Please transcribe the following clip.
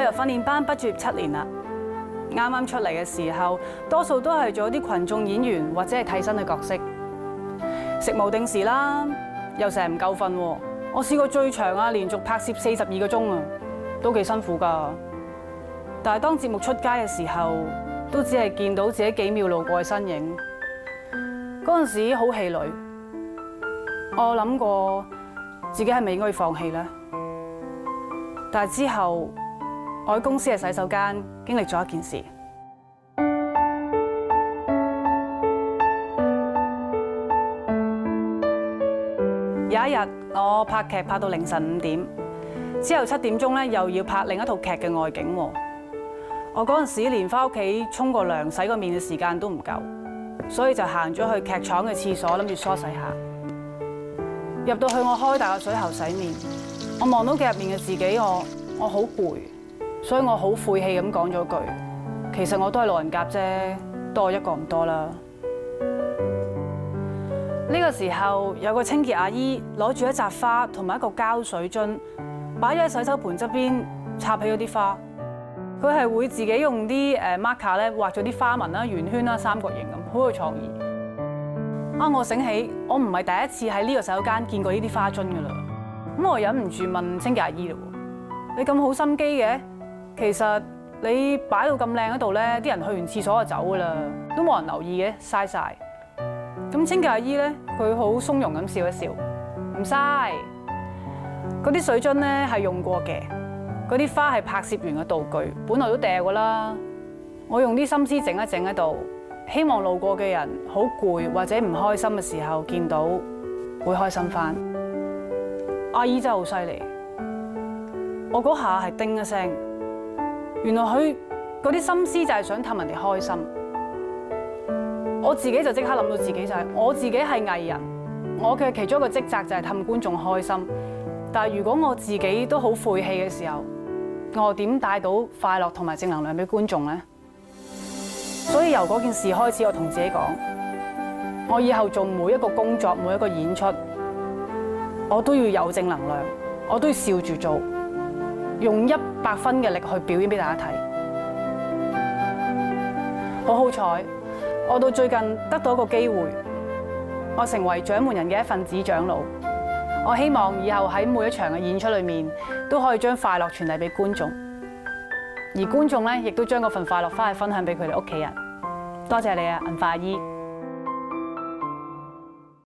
我入訓練班，畢業七年啦。啱啱出嚟嘅時候，多數都係做啲群眾演員或者係替身嘅角色，食無定時啦，又成日唔夠瞓。我試過最長啊，連續拍攝四十二個鐘啊，都幾辛苦噶。但係當節目出街嘅時候，都只係見到自己幾秒路過嘅身影。嗰陣時好氣餒，我諗過自己係咪應該放棄咧？但係之後。我喺公司嘅洗手間經歷咗一件事。有一日我拍劇拍到凌晨五點，之後七點鐘咧又要拍另一套劇嘅外景喎。我嗰陣時連翻屋企沖個涼、洗個面嘅時間都唔夠，所以就行咗去劇廠嘅廁所諗住梳洗下。入到去我開大個水喉洗面，我望到鏡入面嘅自己，我我好攰。所以我好晦氣咁講咗句，其實我都係路人甲啫，多一個唔多啦。呢個時候有個清潔阿姨攞住一紮花同埋一個膠水樽，擺咗喺洗手盆側邊插起咗啲花。佢係會自己用啲誒 marker 咧畫咗啲花紋啦、圓圈啦、三角形咁，好有創意。啊！我醒起，我唔係第一次喺呢個洗手間見過呢啲花樽噶啦。咁我忍唔住問清潔阿姨咯，你咁好心機嘅？其實你擺到咁靚嗰度咧，啲人去完廁所就走噶啦，都冇人留意嘅，嘥晒。咁清潔阿姨咧，佢好鬆容咁笑一笑，唔嘥。嗰啲水樽咧係用過嘅，嗰啲花係拍攝完嘅道具，本來都掟噶啦。我用啲心思整一整喺度，希望路過嘅人好攰或者唔開心嘅時候見到會開心返。阿姨真係好犀利，我嗰下係叮一聲。原來佢嗰啲心思就係想氹人哋開心，我自己就即刻諗到自己就係，我自己係藝人，我嘅其中一個職責就係氹觀眾開心。但係如果我自己都好晦氣嘅時候，我點帶到快樂同埋正能量俾觀眾呢？所以由嗰件事開始，我同自己講，我以後做每一個工作、每一個演出，我都要有正能量，我都要笑住做。用一百分嘅力去表演俾大家睇，好好彩！我到最近得到一個機會，我成為掌門人嘅一份子長老。我希望以後喺每一場嘅演出裏面，都可以將快樂傳遞俾觀眾，而觀眾咧亦都將嗰份快樂翻去分享俾佢哋屋企人。多謝你啊，銀髮阿姨！